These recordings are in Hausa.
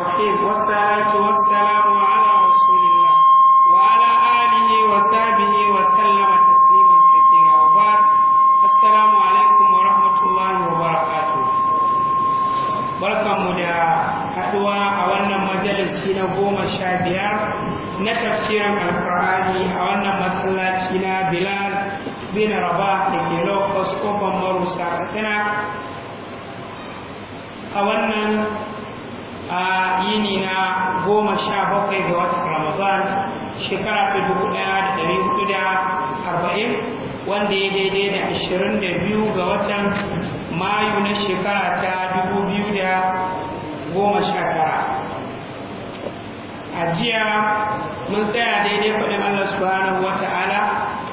الرحيم والصلاة والسلام bakwai ga watan ramadan shekara ta dubu ɗaya da ɗari hudu da arba'in wanda ya daidai da ashirin da biyu ga watan mayu na shekara ta dubu biyu da goma sha tara a jiya mun tsaya daidai faɗin allah subhanahu wa ta'ala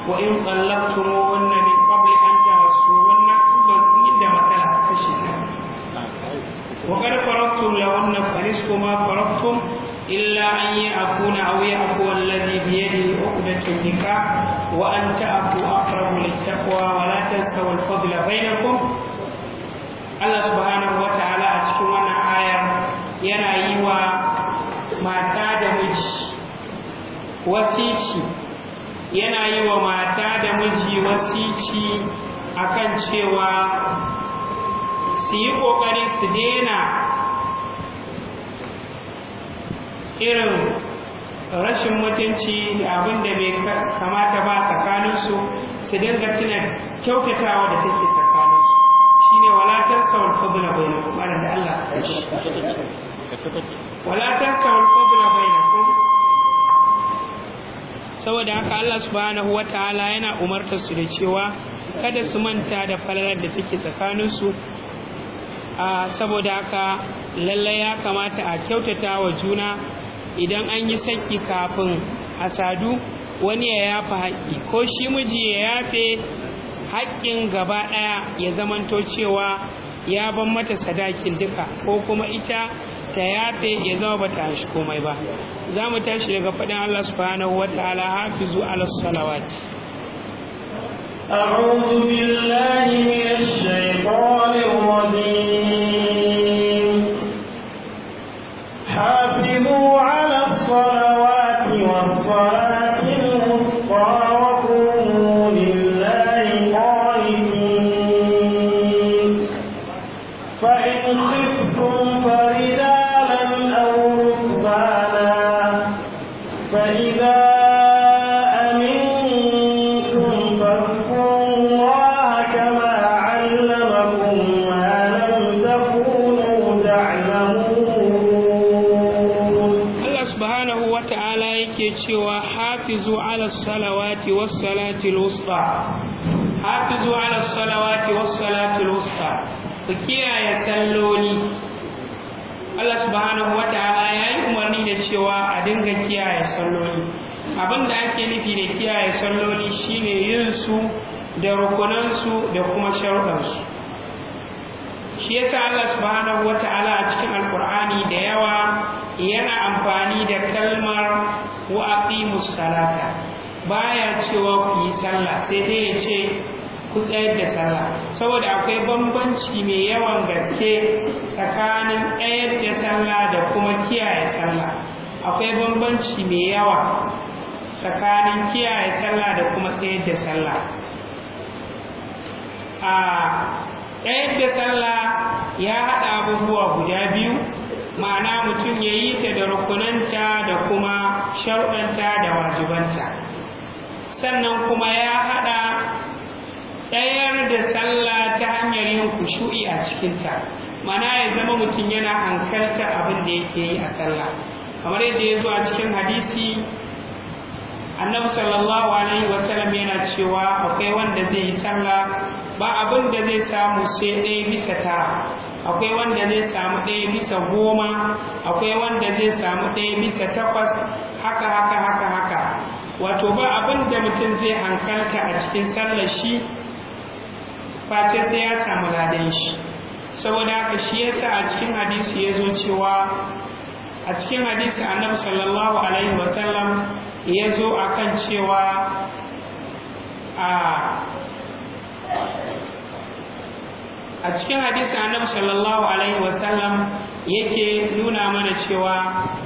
wa in wannan ne qabli an tawassuhunna inda matsala ta kashe ta وقد فرضتم لهن فنصف ما فرضتم إلا أن يعفون أو يعفو الذي بيده عقدة النكاح وأن تعفوا أقرب للتقوى ولا تنسوا الفضل بينكم الله سبحانه وتعالى أتكون وانا آية ينا أيوة ما تادمج وسيتي yana yi wa mata da miji wasici akan cewa su yi ƙoƙari su daina irin rashin mutunci da abin da bai kamata ba tsakaninsu su dinga tunan kyautatawa da take tsakaninsu walatar wala tansawul bai na kuma da Allah wala bai na bainakum saboda haka Allah subhanahu ta'ala yana umartar su da cewa kada su manta da falalar da take tsakaninsu saboda haka lallai ya kamata a kyautata wa juna idan an yi saki kafin a sadu wani ya yafa haƙƙi ko shi miji ya yafe haƙƙin gaba ɗaya ya zamanto cewa ya ban mata sadakin duka ko kuma ita ta yafe ya zama bata shi komai ba za mu tashi daga faɗin Allah subhanahu wa ta'ala hafizu ala salawat أعوذ بالله من الشيطان الرجيم حافظوا على الصلوات والصلاة الصلوات والصلاة الوسطى حافظوا على الصلوات والصلاة الوسطى فكيا يسلوني Allah subhanahu wata'ala ya yi umarni da cewa a dinga kiyaye salloli abin da ake nufi da kiyaye salloli shine yin su da rukunan su, da kuma sharuɗansu shi yasa Allah subhanahu wata'ala a cikin alkur'ani da yawa yana amfani da kalmar wa aqimus salata baya cewa ku yi sallah sai dai ya ce ku tsayar da sallah saboda akwai bambanci mai yawan gaske tsakanin tsayar da sallah da kuma kiyaye sallah akwai bambanci mai yawa tsakanin kiyaye sallah da kuma tsayar da sallah a tsayar da sallah ya haɗa abubuwa guda biyu ma'ana mutum ya yi ta da rukunanta da kuma sharɗanta da wajibanta sannan kuma ya haɗa ɗayar da sallah ta hanyar yin kushu'i a cikinta mana ya zama mutum yana hankalta abin da yake yi a sallah kamar yadda ya zo a cikin hadisi annabi sallallahu alaihi wasallam yana cewa akwai wanda zai yi sallah ba abin da zai samu sai ɗaya bisa tara akwai wanda zai samu ɗaya bisa goma akwai wanda zai samu ɗaya bisa takwas haka haka haka haka wato ba abin da mutum zai hankalta a cikin sallar shi face sai ya samu ladan shi saboda haka shi yasa a cikin hadisi ya zo cewa a cikin hadisi annabi sallallahu alaihi wasallam ya zo akan cewa a a cikin hadisin annabi sallallahu alaihi wasallam yake nuna mana cewa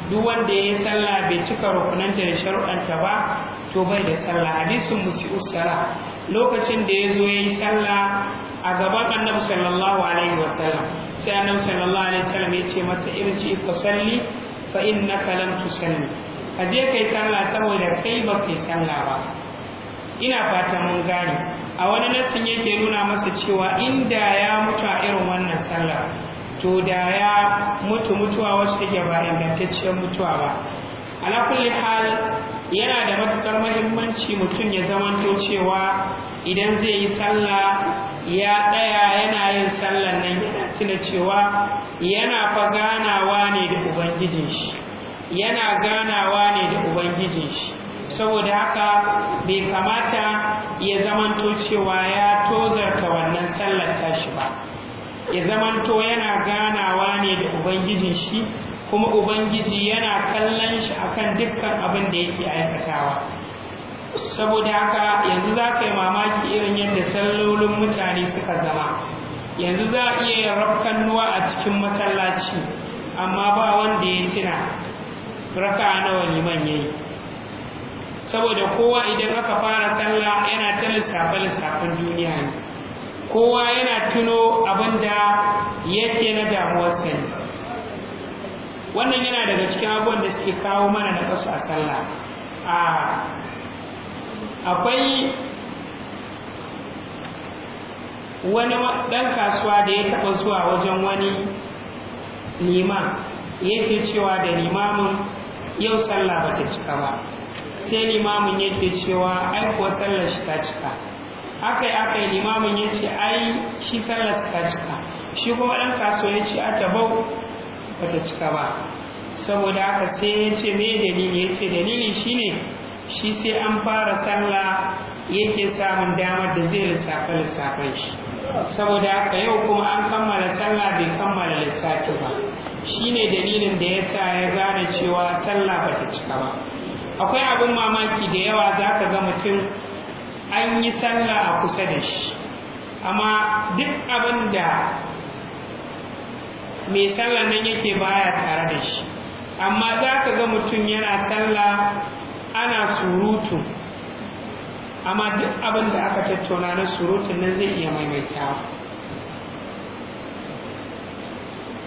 duk wanda ya sallah bai cika rukunanta da sharuɗanta ba to bai da sallah hadisin musu sala lokacin da ya zo ya yi sallah a gaban annabi sallallahu alaihi wasallam sai annabi sallallahu alaihi wasallam ya ce masa irji ka salli fa innaka lam tusalli ka je kai sallah saboda kai ba kai sallah ba ina fata mun gane a wani nassin yake nuna masa cewa inda ya mutu a irin wannan sallah to da ya mutu mutuwa wacce take ba ingantacciyar mutuwa ba ala kulli hal yana da matukar mahimmanci mutum ya zamanto cewa idan zai yi sallah ya tsaya yana yin sallah nan yana tuna cewa yana fa ganawa ne da ubangijin shi yana ganawa ne da ubangijin shi saboda haka bai kamata ya zamanto cewa ya tozarta wannan sallar tashi ba ya zamanto yana ganawa ne da ubangijin shi kuma ubangiji yana kallon shi akan dukkan abin da yake aikatawa saboda haka yanzu za ka yi mamaki irin yadda sallolin mutane suka zama yanzu za a iya rafkannuwa a cikin masallaci amma ba wanda ya tuna raka nawa liman ya yi saboda kowa idan aka fara sallah yana ta lissafe-lissafen duniya ne kowa yana tuno abin da yake na damuwar sani, wannan yana daga cikin abubuwan da suke kawo mana na kasu a sallah a akwai wani ɗan kasuwa da ya taɓa zuwa wajen wani liman yake cewa da limamin yau sallah ba ta cika ba sai limamin ya ce cewa ai kuwa sallar shi ta cika akai akai limamin ya ce ai shi sallar shi ta cika shi kuma ɗan kaso ya ce a tabau ba ta cika ba saboda haka sai ya ce me dalili ya ce dalili shine shi sai an fara sallah yake samun damar da zai lissafa lissafan shi saboda haka yau kuma an kammala sallah bai kammala lissafi ba shine dalilin da ya sa ya gane cewa sallah ta cika ba akwai abin mamaki da yawa za ka ga mutum an yi sallah a kusa da shi amma duk abin da mai sallah nan yake baya tare da shi amma za ka ga mutum yana sallah ana surutu amma duk abin da aka tattauna na surutu nan zai iya maimaita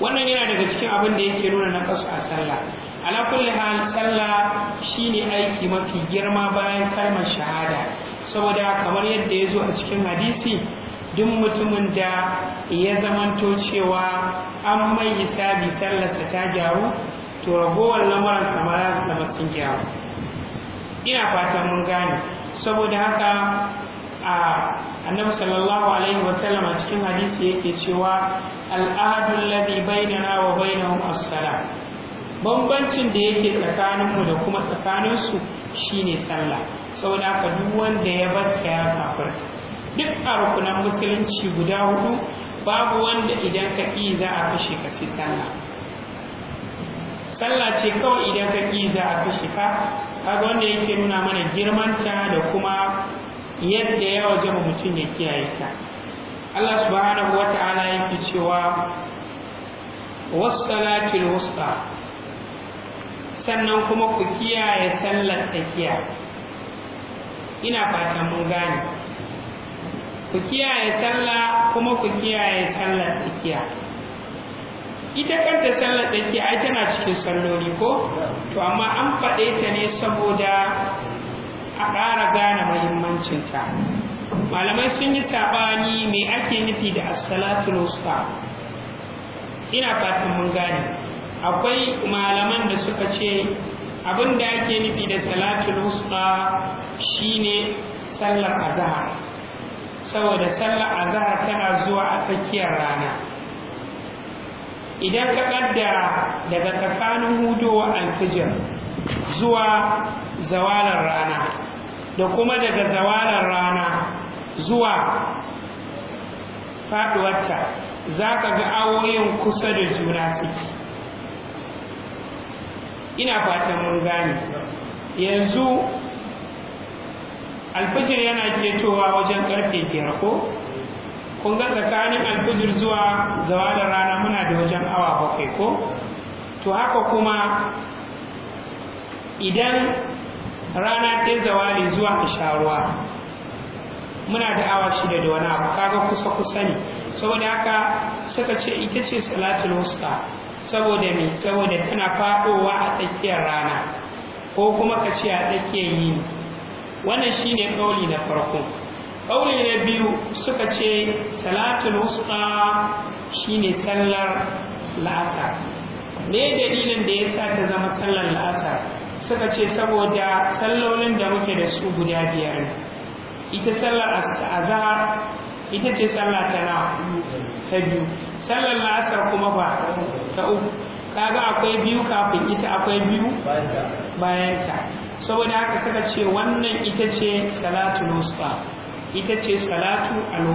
wannan yana daga cikin abin da yake nuna na kasu a sallah ala kulli hal sallah shine aiki mafi girma bayan kalmar shahada saboda kamar yadda ya zo a cikin hadisi duk mutumin da ya zamanto cewa an mai hisabi sallarsa ta gyaru to ragowar lamarin samara da sun gyaru ina fatan mun gane saboda haka a annabi sallallahu alaihi sallam a cikin hadisi yake cewa al'adun ladhi bainana wa bainahum as-salam bambancin da yake tsakaninmu da kuma tsakaninsu shine sallah saboda haka duk wanda ya barta ya kafarta duk a rukunan musulunci guda hudu babu wanda idan ka ƙi za a kashe ka sai sallah sallah ce kawai idan ka ƙi za a kashe ka kaga wanda yake nuna mana girmanta da kuma yadda ya waje mutum ya kiyaye ta Allah subhanahu wa ta'ala yake cewa was salatil wusta sannan kuma ku kiyaye sallar tsakiya ina fatan mun gane ku kiyaye sallah kuma ku kiyaye sallar tsakiya ita kanta sallar tsakiya ai tana cikin salloli ko to amma an faɗe ta ne saboda a ƙara gane muhimmancinta malamai sun yi saɓani me ake nufi da assalatul wusta ina fatan mun gane akwai malaman da suka ce abin da ake nufi da salatul wusta shine sallar azhar saboda sallar azhar tana zuwa a tsakiyar rana idan ka kaddara daga tsakanin hudowa alfijir zuwa zawalar rana da kuma daga zawalar rana zuwa faduwarta za ka ga awoyin kusa da juna suke ina fatan mun gane yanzu alfijir yana ketowa wajen karfe biyar ko kun ga tsakanin alfijir zuwa zawalin rana muna da wajen awa bakwai ko to haka kuma idan rana ta zawali zuwa isharuwa muna da awa shida da wani abu kaga kusa kusa ne saboda haka suka ce ita ce salatul wusta saboda mai saboda tana faɗowa a tsakiyar rana ko kuma ka ce a tsakiyar yini wannan shine kauli na farko kauli na biyu suka ce salatul wusta ne sallar la'asar me dalilin da ya sa ta zama sallar la'asar suka ce saboda sallolin da muke da su guda biyar ita sallar azhar ita ce sallar ta na ta biyu sallar la'asar kuma ba ta uku kaga akwai biyu kafin ita akwai biyu bayan ta saboda haka suka ce wannan ita ce salatu wusta ita ce salatu al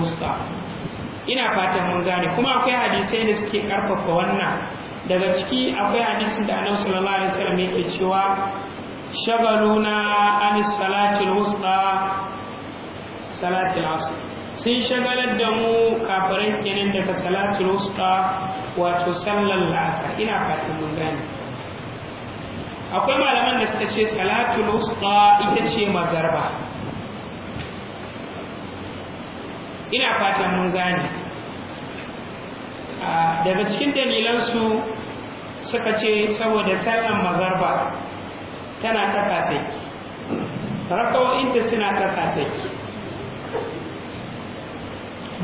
ina fatan mun gane kuma akwai hadisai da suke karfafa wannan daga ciki akwai hadisin da annabi sallallahu alaihi wasallam yake cewa shagaluna an salati al-wusta salati al-asr sun shagalar da mu kafirai kenan daga salatul wusta wato sallar lasa ina fatan mun gane akwai malaman da suka ce salatul wusta ita ce magarba ina fatan mun gane daga cikin dalilansu suka ce saboda sallar magarba tana ta kasai rakawo'inta suna ta kasai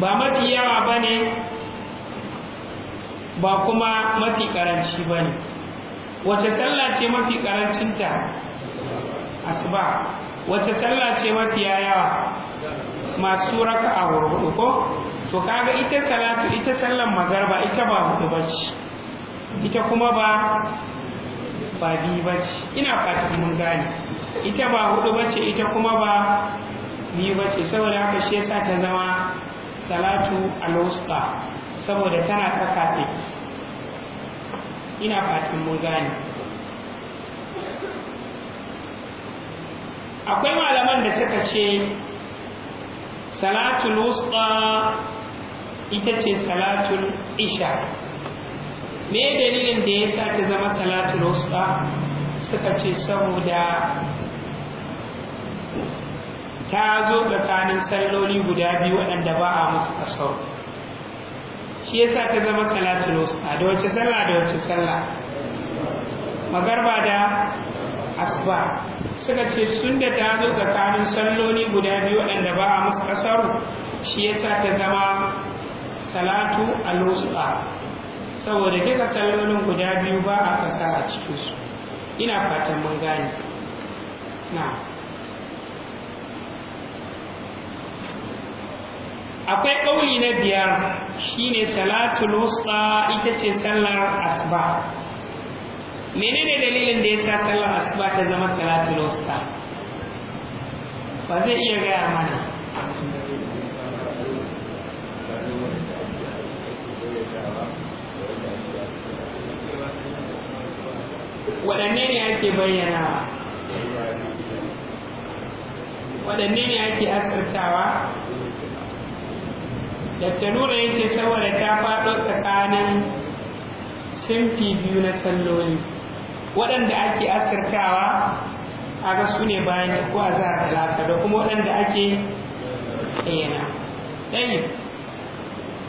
ba mafi yawa ba ne ba kuma mafi karanci ba ne wace sallah ce mafi karancinta asuba wace sallah ce mafi yawa masu raka a hudu ko to kaga ita salatu ita sallan magarba ita ba hudu ba ce ita kuma ba ba biyu ba ce ina fata mun gane ita ba hudu ba ce ita kuma ba biyu ba ce saboda haka shi yasa ta zama salatu al-wusta saboda tana tsaka ce ina fatin mun gane akwai malaman da suka ce al wusta ita ce Salatu isha me dalilin da ya sa ta zama al wusta suka ce saboda ta zo tsakanin salloli guda biyu waɗanda ba a musu kasau shi yasa ta zama salatul A da wace sallah da wace sallah magarba da asba suka ce sun da ta zo tsakanin salloli guda biyu waɗanda ba a musu kasar shi yasa ta zama salatu al-wusta saboda duka sallolin guda biyu ba a kasa a cikinsu ina fatan mun gane na akwai ƙauli na biyar shi ne salatul wusta ita ce sallar asuba menene dalilin da ya sa sallar asuba ta zama salatul wusta ba zai iya gaya mana waɗanne ne ake bayyana waɗanne ne ake asirtawa da nura ya ce saboda ta faɗo tsakanin simfi biyu na salloli waɗanda ake asirtawa a ga su ne bayan ko a za a lasa da kuma waɗanda ake tsena ɗaya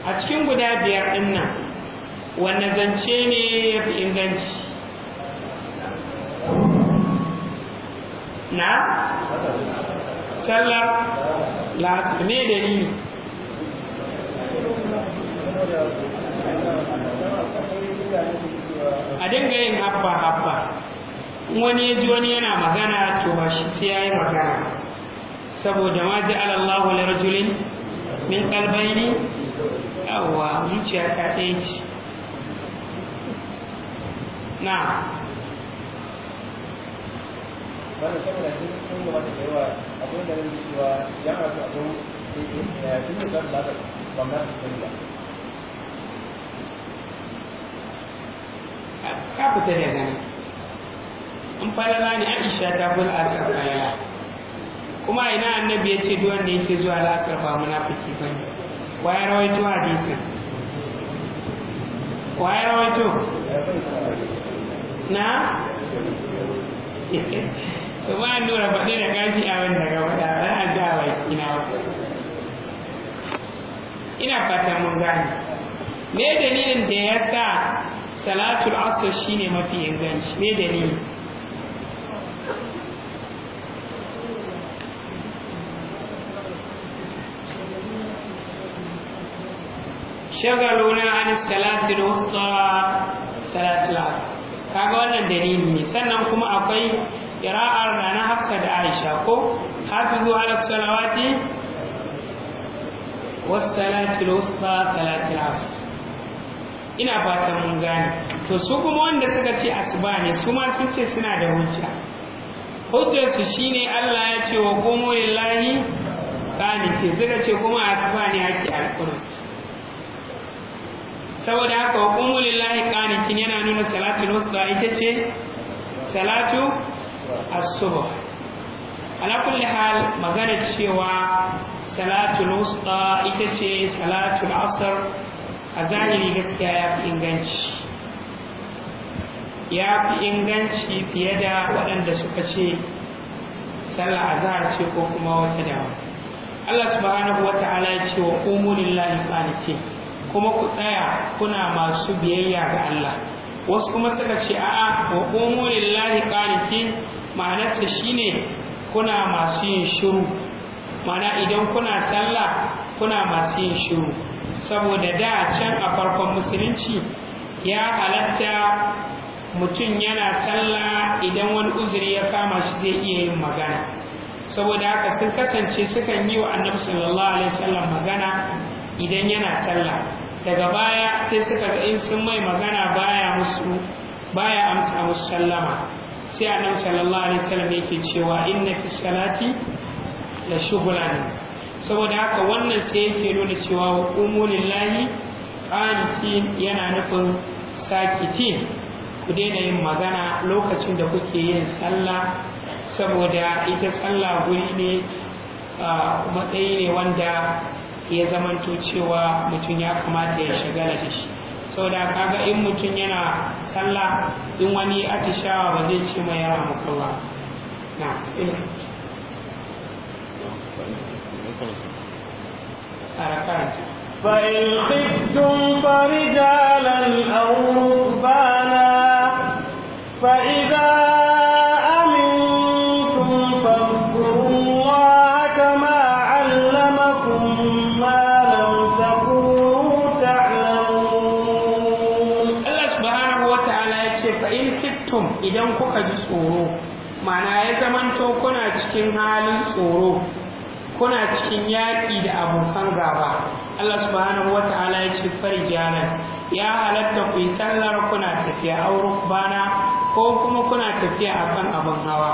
a cikin guda biyar ɗin nan wanne zance ne ya fi inganci na sallar lasu ne dalili a dinga yin habba habba wani ya ji wani yana magana to ba shi sai ya magana saboda ma ji alallahu li rajulin min kalbaini yawwa zuciya ta ɗaya na wani da ka fita daga nan in falala ne aisha ta bul asar falala kuma ina annabi ya ce duwan da yake zuwa lasar ba munafiki ba ne waye rawaito hadisin waye rawaito na to ba nura faɗi da gashi a wanda ga wada ba a ja baki na ina fatan mun gane me dalilin da ya sa salatul asr shine mafi inganci me ni shagaluna an salatul wusta salatul asr kaga wannan dalili ne sannan kuma akwai qira'ar na Hafsa da Aisha ko hafizu ala salawati was salatul wusta salatul asr ina fatan mun gane to su kuma wanda suka ce asuba ne su ma sun ce suna da hujja hujjar su shine Allah ya ce wa qumu lillahi qanitin suka ce kuma asuba ne ake alƙur'ani saboda haka wa qumu lillahi qanitin yana nuna salatul wusta ita ce salatu Asuba. ala kulli hal magana cewa salatul wusta ita ce salatul asr a zahiri gaskiya ya fi inganci ya fi inganci fiye da waɗanda suka ce sallah zahar ce ko kuma wata dawa Allah subhanahu wata'ala ya ce wa qumu lillahi qanitin kuma ku tsaya kuna masu biyayya ga Allah wasu kuma suka ce a'a wa qumu lillahi qanitin ma'anarsa shine kuna masu yin shiru ma'ana idan kuna sallah kuna masu yin shiru saboda da can a farkon musulunci ya halatta mutum yana sallah idan wani uzuri ya kama shi zai iya yin magana saboda haka sun kasance sukan yi wa annabi sallallahu alaihi wasallam magana idan yana sallah daga baya sai suka ga in sun mai magana baya musu baya amsa musu sallama sai annabi sallallahu alaihi wasallam yake cewa inna fi salati la shughlan saboda haka wannan sai yake nuna cewa wa umulillahi qanitin yana nufin sakitin ku daina yin magana lokacin da kuke yin sallah saboda ita sallah guri ne matsayi ne wanda ya zamanto cewa mutum ya kamata ya shiga da shi saboda kaga in mutum yana sallah in wani atishawa ba zai ce ma yara mukalla na فإن خفتم فرجالا أو ركبانا فإذا أمنتم فاذكروا الله كما علمكم ما لم تكونوا تعلمون الله سبحانه وتعالى يقول فإن خفتم إذا كنت tsoro ma'ana ya zamanto kuna cikin halin tsoro kuna cikin yaƙi da abokan gaba Allah subhanahu wata'ala ya ce farijalan ya halatta ku yi sallar kuna tafiya a bana ko kuma kuna tafiya akan abin hawa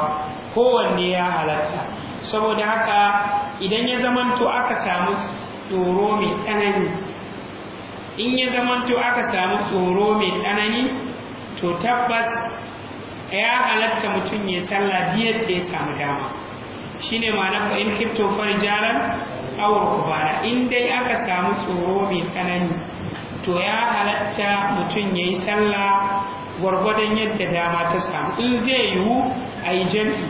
kowanne ya halatta saboda haka idan ya zamanto aka samu tsoro mai tsanani in ya zamanto aka samu tsoro mai tsanani to tabbas ya halatta mutum ya sallah biyar da ya samu dama shine ma'ana ko in kifto farjaran aw rukbana in dai aka samu tsoro mai tsanani to ya halatta mutum yayi sallah gwargwadon yadda dama ta samu in zai yiwu a yi jam'i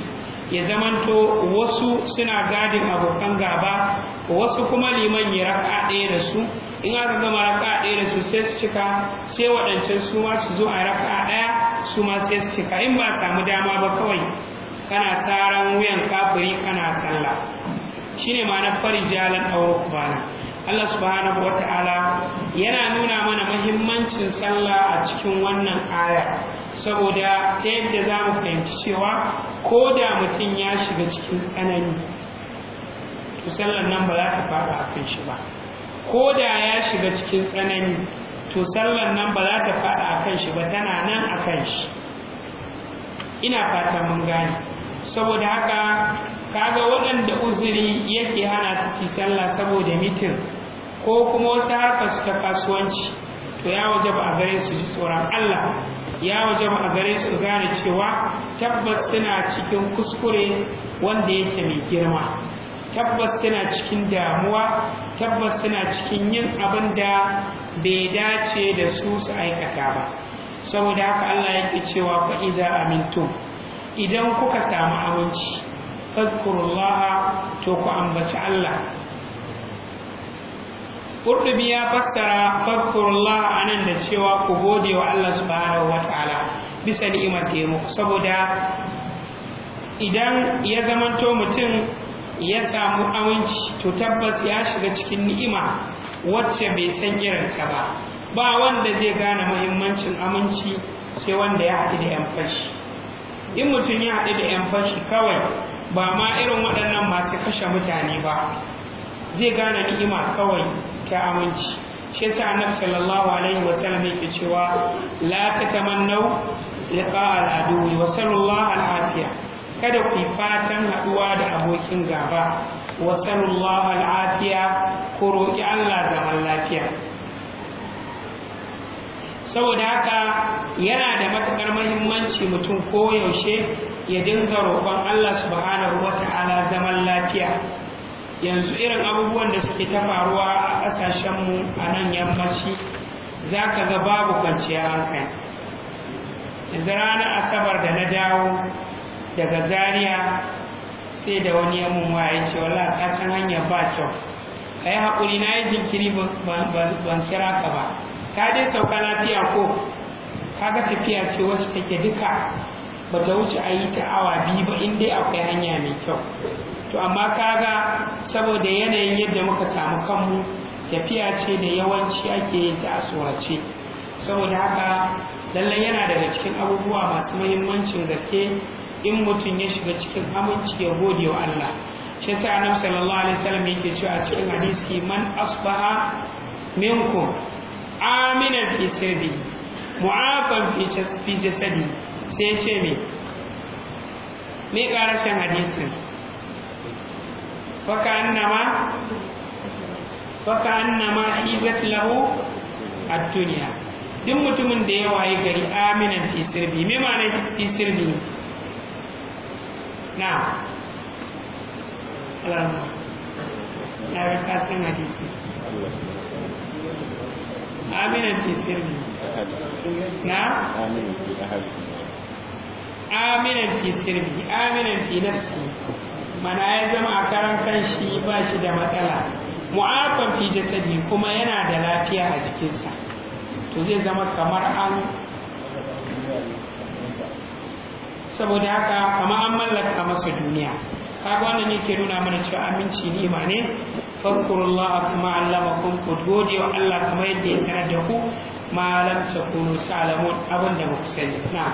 ya zamanto wasu suna gadin abokan gaba wasu kuma liman ya raka ɗaya da su in aka gama raka ɗaya da su sai su cika sai waɗancan su ma su zo a raka ɗaya su ma sai su cika in ba samu dama ba kawai kana saran wuyan kafiri kana sallah shine ma'anar farijalan aw kwana. Allah subhanahu wata'ala yana nuna mana mahimmancin sallah a cikin wannan aya saboda ta yadda za mu fahimci cewa ko da mutum ya shiga cikin tsanani to sallan nan ba za ta faɗa a kan shi ba ko da ya shiga cikin tsanani to sallar nan ba za ta faɗa a kan shi ba tana nan a kan shi ina fata mun gane saboda haka kaga waɗanda uzuri yake hana su ci sallah saboda mitin ko kuma wasu harkar su ta kasuwanci to ya waje ba a gare su ji tsoron Allah ya waje ba a gare su gane cewa tabbas suna cikin kuskure wanda yake mai girma tabbas suna cikin damuwa tabbas suna cikin yin abin da bai dace da su su aikata ba saboda haka Allah yake cewa fa iza amintum idan kuka samu aminci fadkurullaha to ku ambaci Allah Urdubi ya fassara fadkurullah a nan da cewa ku gode wa Allah subhanahu wa ta'ala bisa ni'imar da muku saboda idan ya zamanto mutum ya samu aminci to tabbas ya shiga cikin ni'ima wacce bai san irinta ba ba wanda zai gane muhimmancin aminci sai wanda ya haɗu da 'yan fashi in mutum ya haɗu da 'yan fashi kawai ba ma irin waɗannan masu kashe mutane ba zai gane ni'ima kawai ta aminci shi yasa annabi sallallahu alaihi wa sallam yake cewa la tatamannau liqa al-aduwi wa sallallahu al-afiya kada ku fatan haɗuwa da abokin gaba wa sallallahu al-afiya ku Allah zaman lafiya saboda haka yana da matakar mahimmanci mutum ko yaushe ya dinga roƙon Allah subhanahu wa ta'ala zaman lafiya yanzu irin abubuwan da suke ta faruwa a mu a nan yammaci za ka ga babu kwanciyar hankali yanzu ranar asabar da na dawo daga zaria sai da wani yammun waye ce wala ka san hanyar ba kyau ka yi haƙuri na yi jinkiri ban kira ka ba ka dai sauka lafiya ko ka ga tafiya ce wacce take duka ba ta wuce a yi ta awa biyu ba in dai akwai hanya mai kyau to amma ka ga saboda yanayin yadda muka samu kanmu tafiya ce da yawanci ake yin ta a tsorace saboda haka lallai yana daga cikin abubuwa masu muhimmancin gaske in mutum ya shiga cikin aminci ya gode wa Allah shi yasa annabi sallallahu alaihi wasallam yake cewa a cikin hadisi man asbaha minkum aminan fi sirri mu'afan fi jasadi sai ce me me karashin hadisin faka annama faka annama izat lahu ad-dunya duk mutumin da ya waye gari aminan fi sirri me ma'ana fi sirri na alama na ga kasan hadisi aminan fi sirri na aminan fi ahli aminan mana ya zama a karan kanshi ba shi da matsala mu'afan fi jasadi kuma yana da lafiya a jikinsa to zai zama kamar an saboda haka kama an mallaka masa duniya kaga wannan ne ke nuna mana cewa aminci ni'ima ne فاذكروا الله كما علمكم كتبودي والله كما يدي سندكو ما لم تكونوا تعلمون أبن مكسل نعم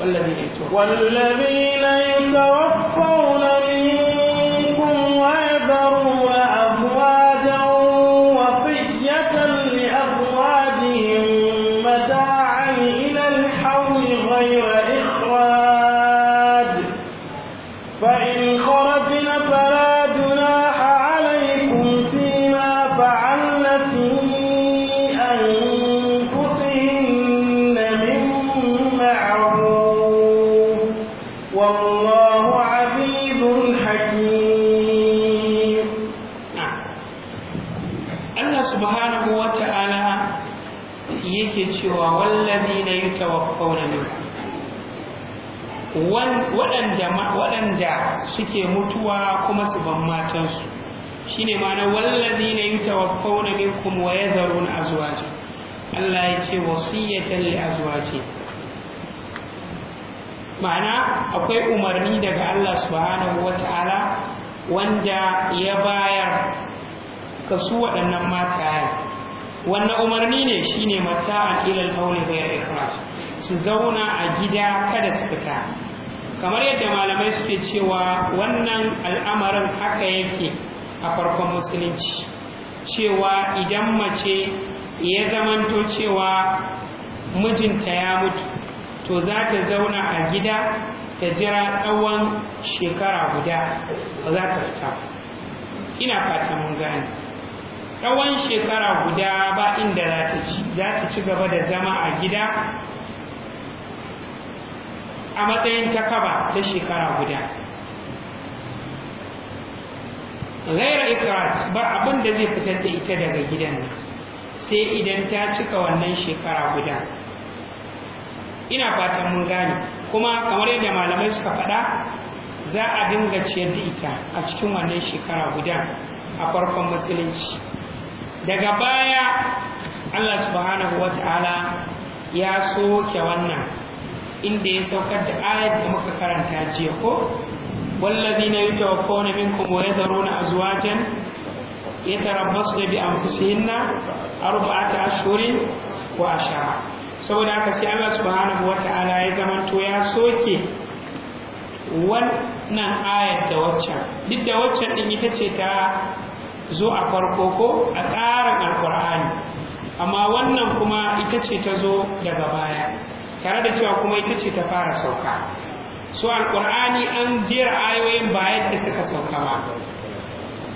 والذين يتوفون والذين يتوفون منكم ويذرون suke mutuwa kuma su ban matansu shine ma'ana wallazi na yutawaffawna minkum wa yazaruna azwaja Allah ya ce wasiyatan li azwaji ma'ana akwai umarni daga Allah subhanahu wata'ala wanda ya bayar ga su waɗannan mataye wannan umarni ne shine mata'an ilal hauli ghayr ikrah su zauna a gida kada su fita kamar yadda malamai suke cewa wannan al'amarin haka yake a farkon musulunci cewa idan mace ya zamanto cewa mijinta ya mutu to za ta zauna a gida ta jira tsawon shekara guda ba za ta fita ina fata mun gane tsawon shekara guda ba inda za ta ci za ta ci gaba da zama a gida a matsayin takaba na shekara guda gaira ikrat ba abin da zai fitar da ita daga gidan nan sai idan ta cika wannan shekara guda ina fatan mun gane kuma kamar yadda malamai suka faɗa za a dinga ciyar da ita a cikin wannan shekara guda a farkon musulunci daga baya allah subhanahu wa ta'ala ya soke wannan inda ya saukar da ayat da muka karanta jiya ko na والذين يتوفون منكم ويذرون أزواجا يتربصن arbaata ashuri ko ashara saboda haka sai Allah subhanahu wa ta'ala ya to ya soke wannan ayat da waccan duk da waccan din ita ce ta zo a farko ko a tsarin alkur'ani amma wannan kuma ita ce ta zo daga baya tare da cewa kuma ita ce ta fara sauka su alƙur'ani an jera ayoyin ba yadda suka sauka ba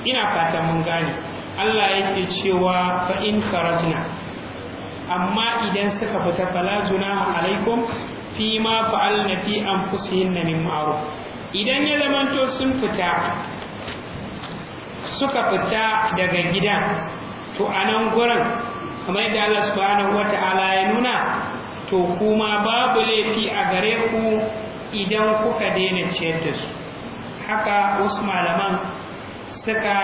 ina fatan mun gane Allah yake cewa fa in farajna amma idan suka fita fala juna alaikum fi ma fa'alna fi anfusihinna min ma'ruf idan ya zamanto sun fita suka fita daga gidan to a nan gurin kamar yadda Allah subhanahu wata'ala ya nuna to kuma babu laifi a gare ku idan kuka daina ciyar da su haka wasu malaman suka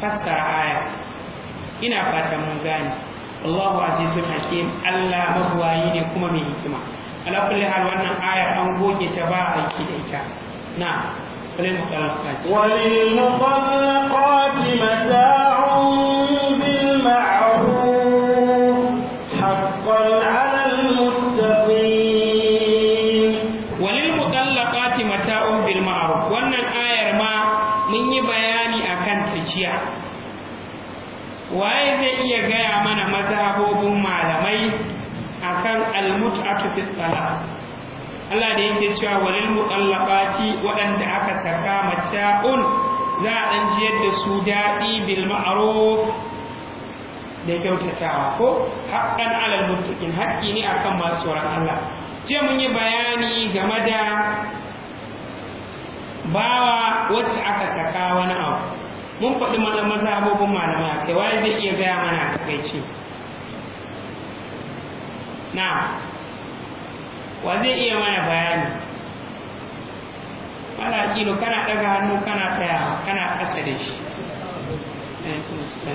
fasa aya ina fatan mun gane Allahu azizul hakim Allah mabuwayi ne kuma mai hikima ala kulli hal wannan aya an goge ta ba aiki da ita na وللمطلقات وللمطلقات متاع fi tsara Allah da yake cewa walil muqallaqati waɗanda aka saka mata'un za a ɗan ciyar da su daɗi bil ma'ruf da kyautatawa ko haƙƙan alal mutukin haƙƙi ne akan masu tsoron Allah je mun yi bayani game da bawa wacce aka saka wani abu mun faɗi maza mazhabobin malamai kai wai zai iya gaya mana a takaice na'am wa zai iya mana bayani ana kilo kana daga hannu kana taya kana kasa da shi Thank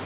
you.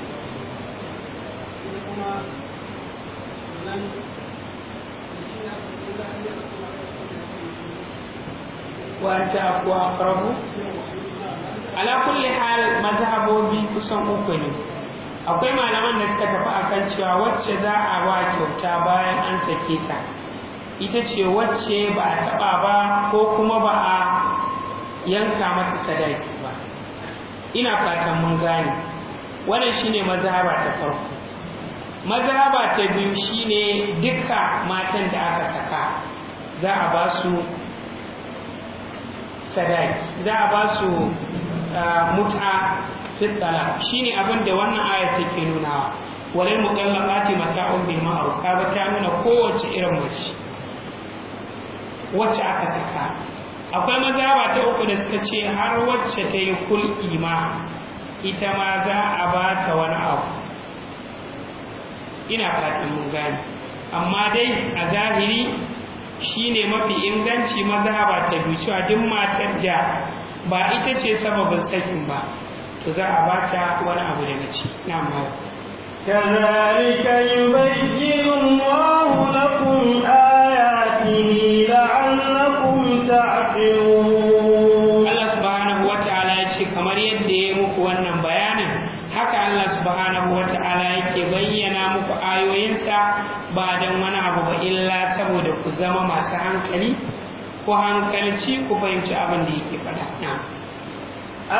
wata ko ala kulli hal kusan uku ne akwai malaman da suka tafi akan cewa wacce za a ba kyauta bayan an sake ta ita ce wacce ba a taba ba ko kuma ba a yanka masa sadaki ba ina fatan mun gane wannan shine mazhaba ta farko mazraba ta biyu shine duka matan da aka saka za a ba su sadaki za a ba su mut'a fitsala shine abin da wannan aya take nunawa walil mutallaqati mata'un bil ma'ruf ka ba ta nuna kowace irin mace wacce aka saka akwai mazaba ta uku da suka ce har wacce ta yi kulima, ita ma za a ba ta wani abu ina fatan mun gane amma dai a zahiri shine mafi inganci mazhaba ta bi duk matar da ba ita ce sababin sakin ba to za a ba ta wani abu da ci na ma كذلك يبين الله لكم آياته لعلكم تعقلون zama masu hankali ku hankalci ku fahimci abin da yake faɗa na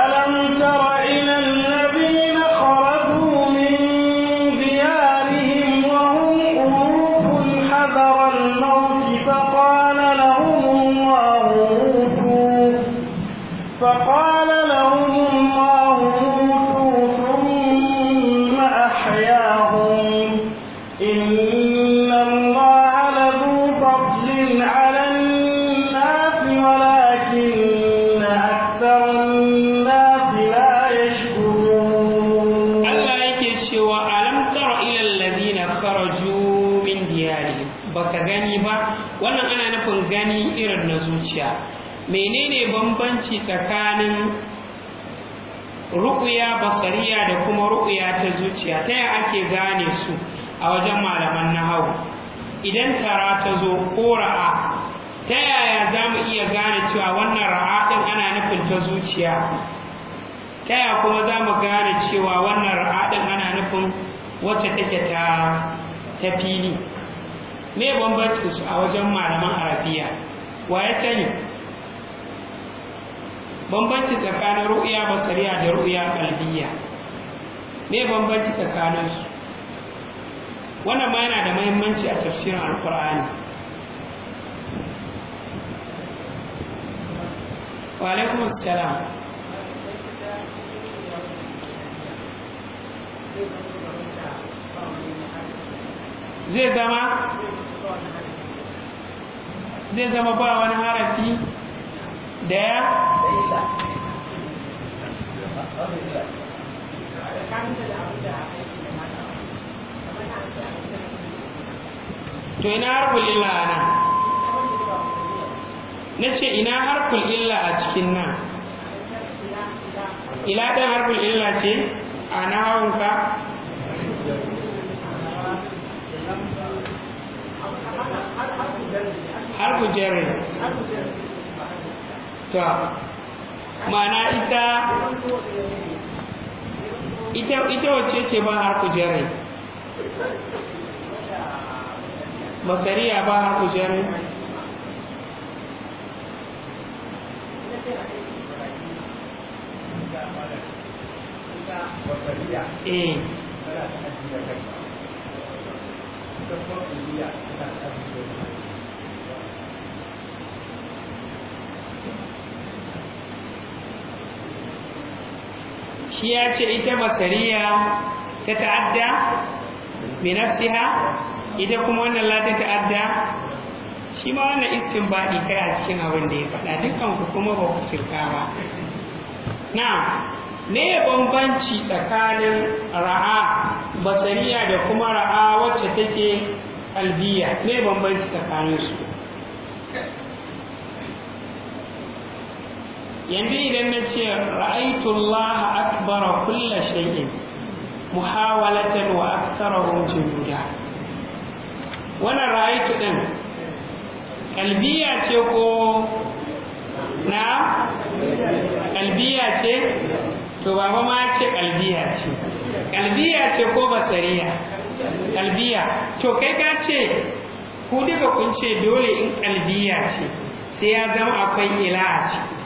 alam tara ila alladhina kharaju min diyarihim wa hum urufun hadara al-maut fa qala lahum menene bambanci tsakanin ruƙuya basariya da kuma ruƙuya ta zuciya ta yi ake gane su a wajen malaman nahawu idan tara ta zo ko ra'a ta yaya za mu iya gane cewa wannan ra'a ɗin ana nufin ta zuciya ta yaya kuma za mu gane cewa wannan ra'a ɗin ana nufin wacce take ta ta fili me bambanci su a wajen malaman arabiya wa ya sani bambanci tsakanin ru'ya basariya da ru'ya kalbiya me bambanci tsakanin su wannan ma yana da muhimmanci a tafsirin alqur'ani wa alaikum assalam zai zama zai zama ba wani harafi da to ina harkul illa nan na ce ina harkul illa a cikin nan ila ɗan harkul illa ce a nahawunka harkul jerry ta mana ita ita ita wacce ce ba har kujerai masariya ba har kujerai eh shi ya ce ita masariya ta ta'adda minafsiha ita kuma wannan la ta'adda shi ma wannan iskin baɗi kai a cikin abin da ya faɗa dukkan ku kuma ba ku shirka ba na ne bambanci tsakanin ra'a basariya da kuma ra'a wacce take albiya ne bambanci su. yanzu idan na ce ra'aitullah akbar kulla shay'in muhawalatan wa aktsarahum juluda wannan ra'aitu din kalbiya ce ko na kalbiya ce to baba ma ce kalbiya ce kalbiya ce ko basariya kalbiya to kai ka ce ku duka kun ce dole in kalbiya ce sai ya zama akwai ila a ciki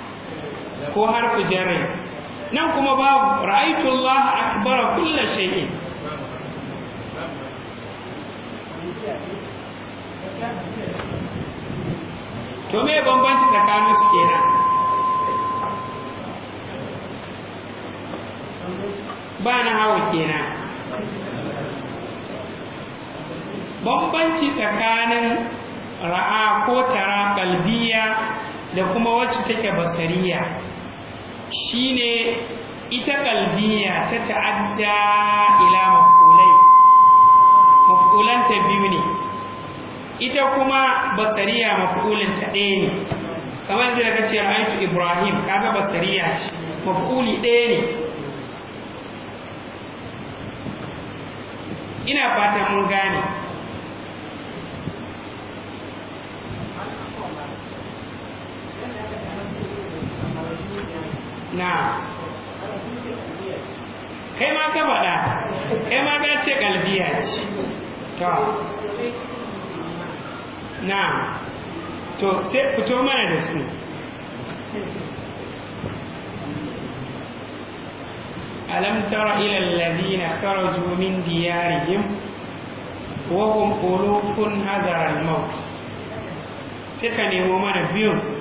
ko har kujerai nan kuma babu ra'aitullah akbar kulla shay'in to me bambanci tsakanin su kenan ba na hawa kenan bambanci tsakanin ra'a ko tara kalbiya da kuma wacce take basariya Shi ne ita kalbiya ta ta'adda ila maf'ulai mafulanta biyu ne ita kuma basariya maf'ulin ta ɗaya ne kamar da ka ce ra'aytu ibrahim kaga basariya ce maf'uli ɗaya ne ina fata mun gane na kai ma ka faɗa kai ma ka ce galbiya ce to na to sai fito mana da su alam tara ila alladhina kharaju min diyarihim wa hum qulubun hadar al-maut sai ka nemo mana biyu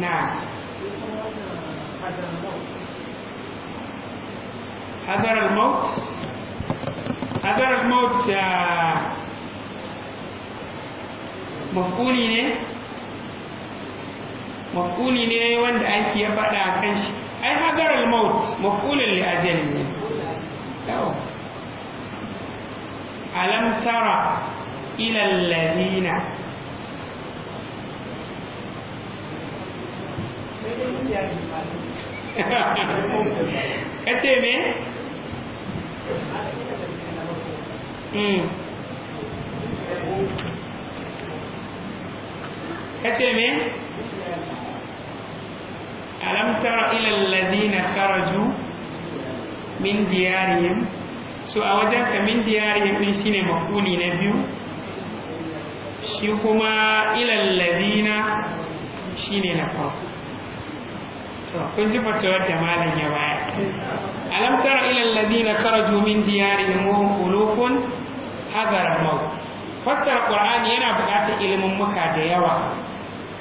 نعم حذر الموت حذر الموت ne wanda ake ya faɗa kan shi ai hagar al-maut mafulun li ajali alam tara ka ce me? Hmm. ka ce me? alam tara ilal ladina kharaju min diyarihim so a wajenka ka min diyarihim din shine makuni na biyu shi kuma ilal ladina shine na kun ji fatawar da malam ya baya alam tara ila alladhina kharaju min diyarihim wa khulufun hadar maut qur'ani yana bukatar ilimin muka da yawa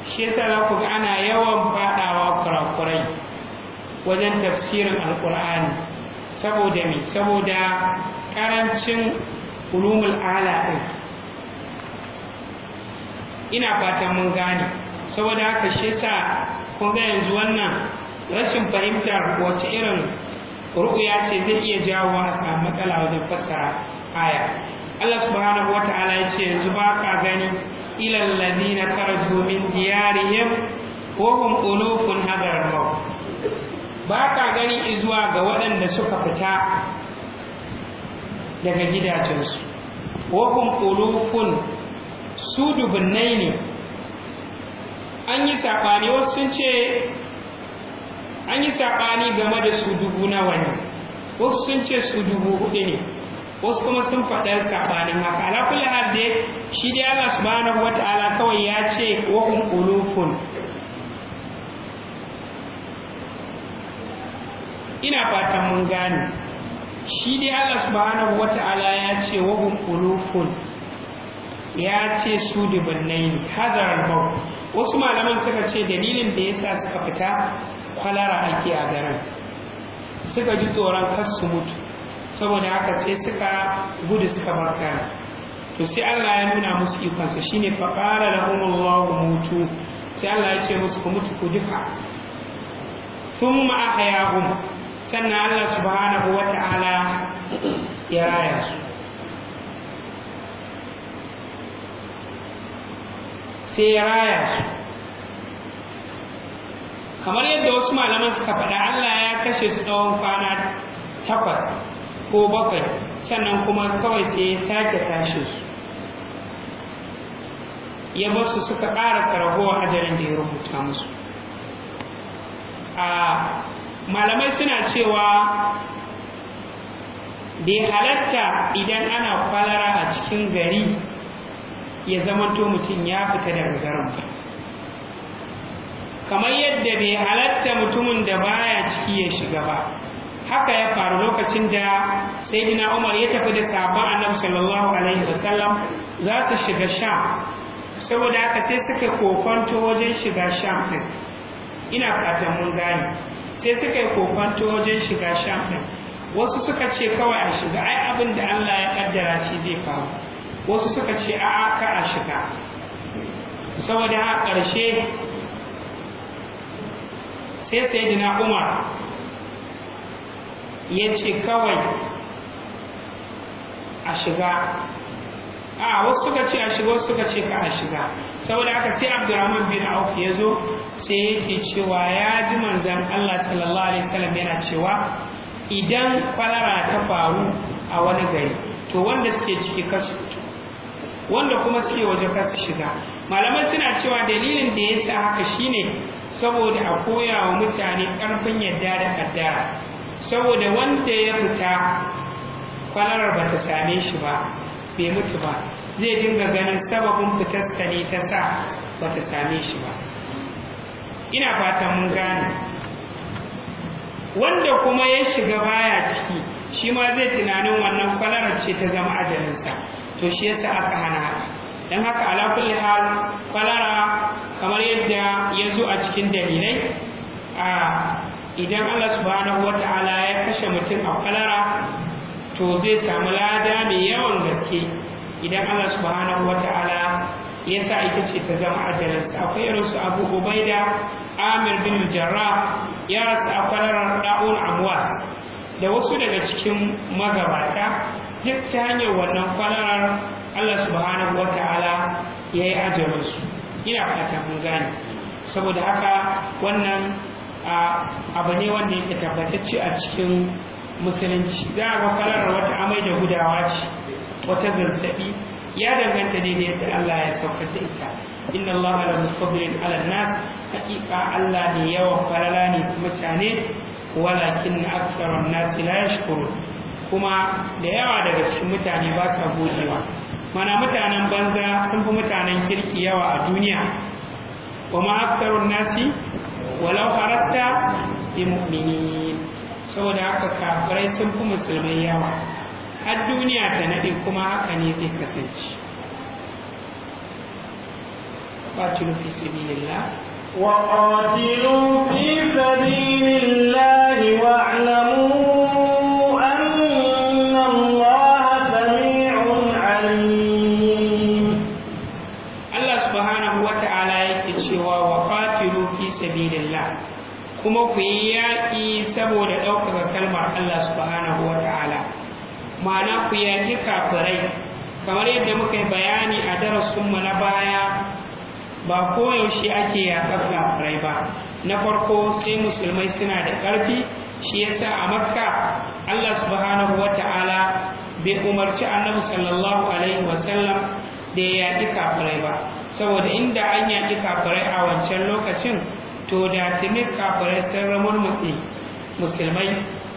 shi yasa za ku ga ana yawan fadawa kurakurai wajen tafsirin alqur'ani saboda me saboda karancin ulumul ala ina fatan mun gane saboda haka shi yasa kun ga yanzu wannan rashin fahimtar wace irin ru'uya ce zai iya jawo a samu matsala wajen fassara aya Allah subhanahu wata'ala ya ce yanzu ba ka gani ilal ladina kharaju min diyarihim wa hum ulufun hadar maut ba ka gani izuwa ga waɗanda suka fita daga gidajensu wa hum ulufun su dubunnai ne an yi safari wasu sun ce an yi saɓani game da su dubu nawa ne wasu sun ce su dubu hudu ne wasu kuma sun faɗa saɓanin haka ala kulli hal dai shi dai Allah subhanahu wata'ala kawai ya ce wa hum ulufun ina fatan mun gane shi dai Allah subhanahu wata'ala ya ce wa hum ulufun ya ce su dubannai ne hadar al wasu malaman suka ce dalilin da yasa suka fita kwalara ake a garin suka ji tsoron kar su mutu saboda haka sai suka gudu suka bar garin to sai Allah ya nuna musu ikonsa shine fa qala lahum Allahu mutu sai Allah ya ce musu ku mutu ku duka thumma ahyahum sannan Allah subhanahu wata'ala ya raya su sai ya raya su kamar yadda wasu malaman suka faɗa Allah ya kashe su tsawon kwana takwas ko bakwai sannan kuma kawai sai ya sake tashe su ya su suka ƙara a ajalin da ya rubuta musu malamai suna cewa bai halatta idan ana kwalara a cikin gari ya zamanto mutum ya fita daga garin kamar yadda bai halatta mutumin da baya ciki ya shiga ba haka ya faru lokacin da sayyidina Umar ya tafi da sahabban Annabi sallallahu alaihi wasallam za su shiga Sham saboda haka sai suka kofanto wajen shiga Sham din ina fatan mun gane sai suka kofanto wajen shiga Sham din wasu suka ce kawai a shiga ai abin da Allah ya kaddara shi zai faru wasu suka ce a'a ka a shiga saboda haka ƙarshe sai dina umar ya ce kawai a shiga a wasu suka ce a shiga wasu suka ce ka a shiga saboda haka sai abdurrahman bin auf ya zo sai yake cewa ya ji manzan allah sallallahu alaihi wasallam yana cewa idan kwalara ta faru a wani gari to wanda suke ciki kasu wanda kuma suke waje kasu shiga malamai suna cewa dalilin da ya sa haka shine saboda a koya wa mutane ƙarfin yadda da addara saboda wanda ya fita kwalarar ba ta same shi ba bai mutu ba zai dinga ganin sababin fitarsa ne ta sa ba ta same shi ba ina fatan mun gane wanda kuma ya shiga baya ciki shi ma zai tunanin wannan kwalarar ce ta zama ajalinsa to shi yasa aka hana dan haka ala kulli hal falara kamar yadda ya zo a cikin dalilai a idan Allah subhanahu wa ta'ala ya kashe mutum a falara to zai samu lada mai yawan gaske idan Allah subhanahu wa ta'ala ya sa ita ce ta zama sa akwai irin su Abu Ubaida Amir bin Jarrah ya rasu a falarar da'un amwas da wasu daga cikin magabata duk ta hanyar wannan falarar Allah subhanahu wa ta'ala ya yi ajarin su ina fata mun gane saboda haka wannan abu ne wanda yake tabbatacce a cikin musulunci za a ga farar wata amai da gudawa ce wata zazzabi ya danganta ne da yadda Allah ya saukar da ita inna Allah ala musabbirin ala nas haƙiƙa Allah ne yawan falala ne mutane walakin aksarun nas la kuma da yawa daga cikin mutane ba sa godewa mana mutanen banza sun fi mutanen kirki yawa a duniya wa ma nasi walau harasta bi mu'minin saboda haka kafirai sun fi musulmai yawa har duniya ta nade kuma haka ne zai kasance قاتلوا في سبيل الله وقاتلوا في سبيل الله واعلموا kuma ku yi yaƙi saboda ɗaukaka kalmar Allah subhanahu wa ta'ala ma'ana ku yaƙi kafirai kamar yadda muka yi bayani a darasinmu na baya ba koyaushe ake yaƙar kafirai ba na farko sai musulmai suna da ƙarfi shi yasa a makka Allah subhanahu wa ta'ala bai umarci annabi sallallahu alaihi wasallam da ya yaƙi kafirai ba saboda inda an yaƙi kafirai a wancan lokacin to da tuni kafirai sun ramar mutsi musulmai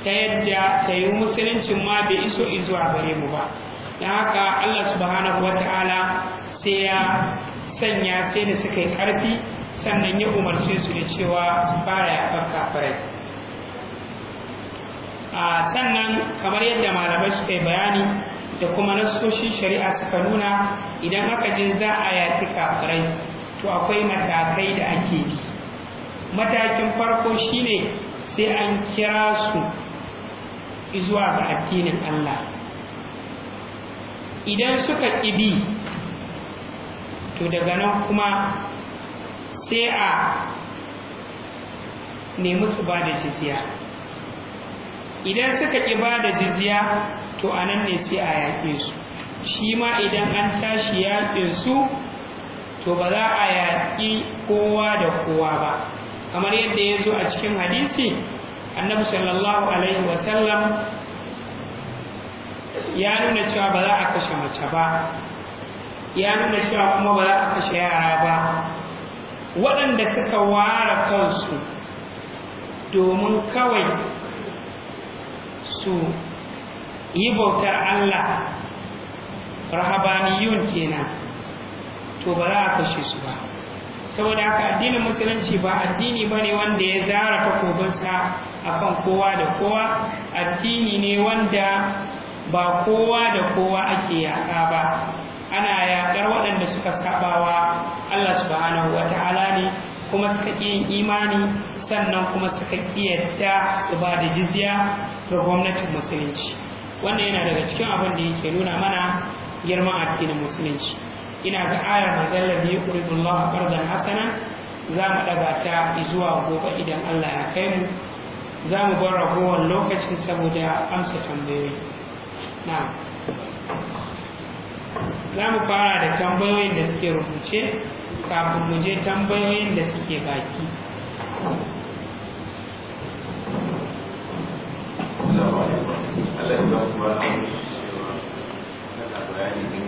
ta yadda ta yi musuluncin ma bai iso izuwa gare mu ba na haka allah subhanahu wata'ala sai ya sanya sai da suka yi ƙarfi sannan ya umarci su da cewa su fara yakan kafirai a sannan kamar yadda malamai suka yi bayani da kuma nassoshin shari'a suka nuna idan aka jin za a yaki kafirai to akwai matakai da ake bi matakin farko shine sai an kira su zuwa ga addinin Allah idan suka ƙibi to daga nan kuma sai a nemi su ba da jizya idan suka ƙi ba da jizya to a nan ne sai a yaƙe su shi ma idan an tashi yaƙe su to ba za a yaƙi kowa da kowa ba kamar yadda ya zo a cikin hadisi annabi sallallahu alaihi wasallam ya nuna cewa ba za a kashe mace ba ya nuna cewa kuma ba za a kashe yara ba waɗanda suka ware kansu domin kawai su yi bautar Allah rahabaniyun kenan to ba za a kashe su ba saboda haka addinin musulunci ba addini bane wanda ya zara takobinsa akan kowa da kowa addini ne wanda ba kowa da kowa ake yaƙa ba ana yaƙar waɗanda suka sabawa Allah subhanahu ta'ala ne kuma suka ƙi yin imani sannan kuma suka ƙi yadda su ba da jizya ga gwamnatin musulunci wannan yana daga cikin abin da yake nuna mana girman addinin musulunci ina ga aya mai kuri bi a qardan hasana za mu ɗaga ta zuwa gobe idan Allah ya kai mu za mu bar ragowar lokacin saboda amsa tambayoyi na za mu fara da tambayoyin da suke rubuce kafin mu je tambayoyin da suke baki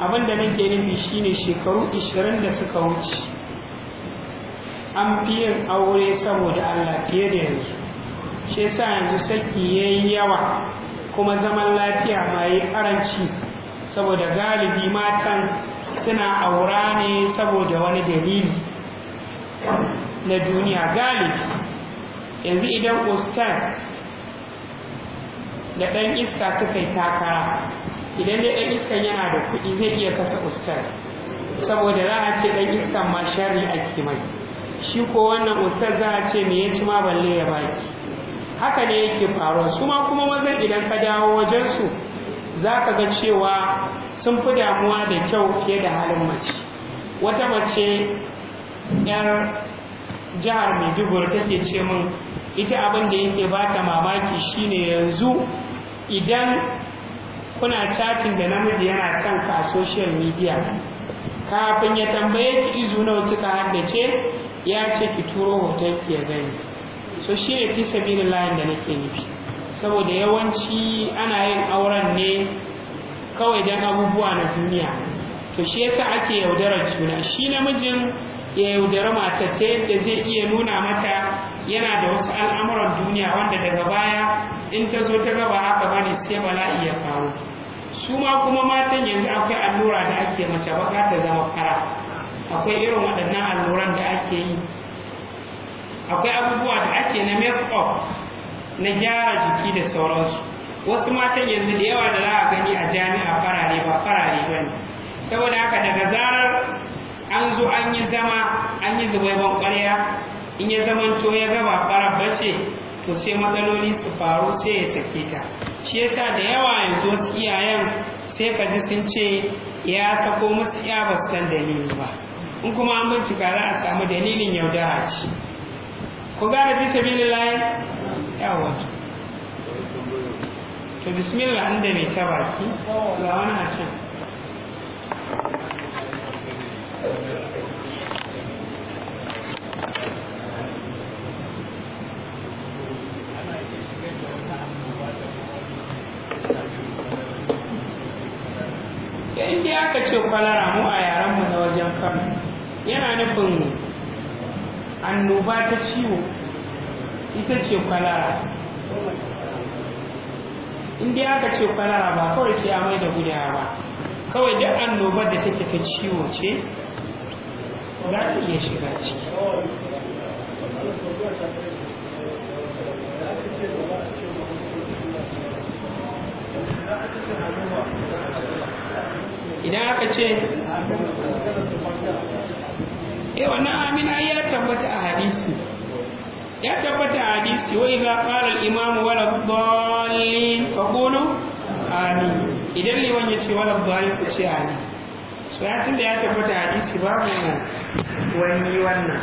abin da nake nufi shine shekaru 20 da suka wuce an fi yin aure saboda Allah fiye da yanzu shi yasa yanzu saki yi yawa kuma zaman lafiya ma yi karanci saboda galibi matan suna aura ne saboda wani dalili na duniya galibi yanzu idan ustaz da ɗan iska suka yi takara idan dai ɗan iskan yana da kuɗi zai iya kasa ustaz saboda za a ce ɗan iskan ma sharri ake mai shi ko wannan ustaz za a ce me ya ci ma balle ya baki haka ne yake faruwa su ma kuma wajen idan ka dawo wajensu za ka ga cewa sun fi damuwa da kyau fiye da halin mace wata mace 'yar jihar maiduguri take ce min ita abin da yake ba ta mamaki shine yanzu idan kuna chatting da namiji yana son ka a social media kafin ya tambaye ki izu nawa kika haddace ya ce ki turo hoton ki ya gani so shi ne fi layin da nake nufi saboda yawanci ana yin auren ne kawai don abubuwa na duniya to shi yasa ake yaudarar juna shi namijin ya yaudara matar ta yadda zai iya nuna mata yana da wasu al'amuran duniya wanda daga baya in ta zo ta gaba haka ne sai ba iya faru su ma kuma matan yanzu akwai allura da ake mace baka ta zama fara akwai irin waɗannan alluran da ake yi akwai abubuwa da ake na make up na gyara jiki da sauransu wasu matan yanzu da yawa da za a gani a jami'a farare ba farare ba ne saboda haka daga zarar an zo an yi zama an yi zubaiban ƙwarya in ya zamanto ya gaba fara bace to sai matsaloli su faru sai ya sake ta shi yasa da yawa yanzu wasu iyayen sai ka ji sun ce ya sako musu ya ba su san dalili ba in kuma an cika za a samu dalilin yaudara ci ku gane fi layi? yawa to bismillah inda mai ta baki ga wani a can aka ce kwalara mu a yarenmu na wajen kano yana nufin annoba ta ciwo ita ce kwalara inda aka ce kwalara ba kawai sai amai da gudawa ba kawai duk annobar da take ta ciwo ce za ta iya shiga ciki idan aka ce e wannan Amina ya tabbata a hadisi ya tabbata a hadisi wa ga qala imamu imam wala dallin fa qulu amin idan liman ya ce wala dallin ku ce amin so ya tunda ya tabbata a hadisi babu wani wannan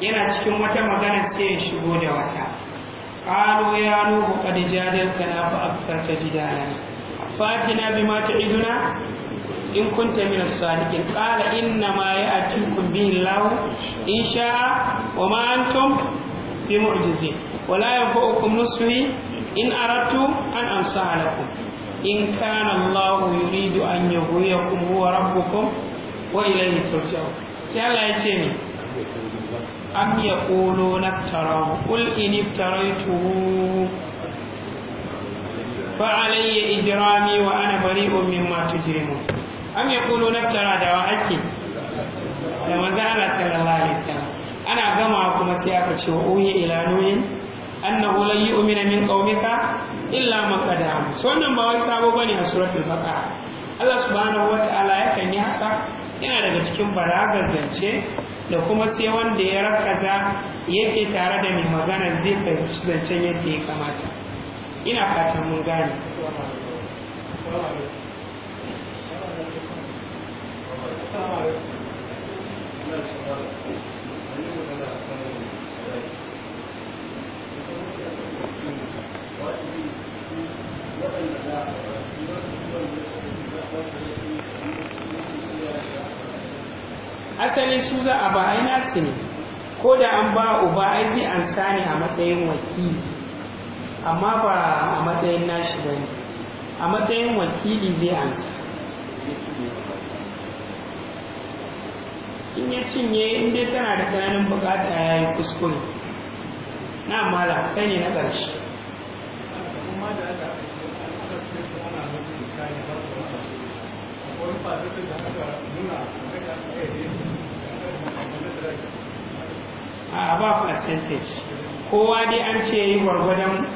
yana cikin wata magana sai ya shigo da wata qalu ya nuhu qad jadaltana fa Fati na fatina bima ta'iduna in kunta min as salikin qala inna ma ya'tikum bihi Allah in sha'a wa ma antum bi mu'jizin wa la yanfa'ukum nusri in aradtu an ansalakum halaku. in kana Allah yuridu an yughwiyakum huwa rabbukum wa ilayhi turja'un sai Allah ya ce ni أم يقولون افتراه قل إن افتريته فعلي إجرامي وأنا بريء مما تجرمون أم يقولون افترى دواء أكيد لما زال صلى الله عليه وسلم أنا جمع كما سيأك وأوهي إلى نوح أنه لن يؤمن من قومك إلا ما قد آمن سواء ما ويسابوا بني سورة البقرة Allah subhanahu wa ta'ala yakan yi haka yana daga cikin baragar zance da kuma sai wanda ya rakaza yake tare da mai magana zai fahimci zancen yadda ya kamata ina fatan mun gane asali su za a ba ai su ne ko da an ba uba aiki an sani a matsayin wakili amma ba a matsayin nashi ba ne a matsayin wakili zai an in ya cinye in dai tana da tsananin bukata ya yi kuskure na mala kai ne na ƙarshe Thank you. a ba percentage kowa dai an ce yi gwargwadon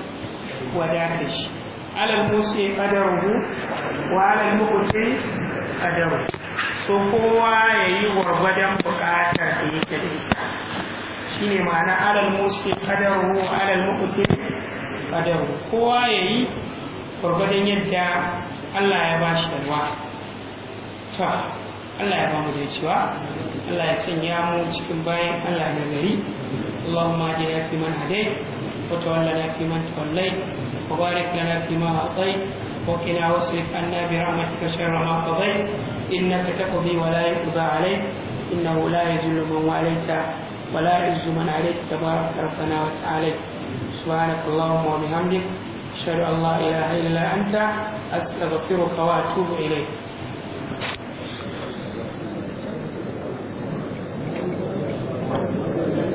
wadatar shi alal musu qadaruhu wa alal muqti qadaru so kowa ya yi gwargwadon bukatar da yake da ita shine ma'ana alal musu qadaruhu wa alal muqti qadaru kowa ya yi gwargwadon yadda Allah ya bashi da wa Allah ya ba mu dacewa Allah ya sanya mu cikin bayan Allah na gari Allahumma ajina fi man hadayt wa tawallana fi man tawallait wa barik lana fi ma atayt wa qina wasrif anna bi rahmatika sharra ma qadayt innaka taqdi wa la yuqda alayk innahu la yuzillu man walayta wa la yuzillu man alayk tabarak rabbana wa ta'ala سبحانك اللهم وبحمدك أشهد أن لا إله إلا أنت أستغفرك وأتوب إليك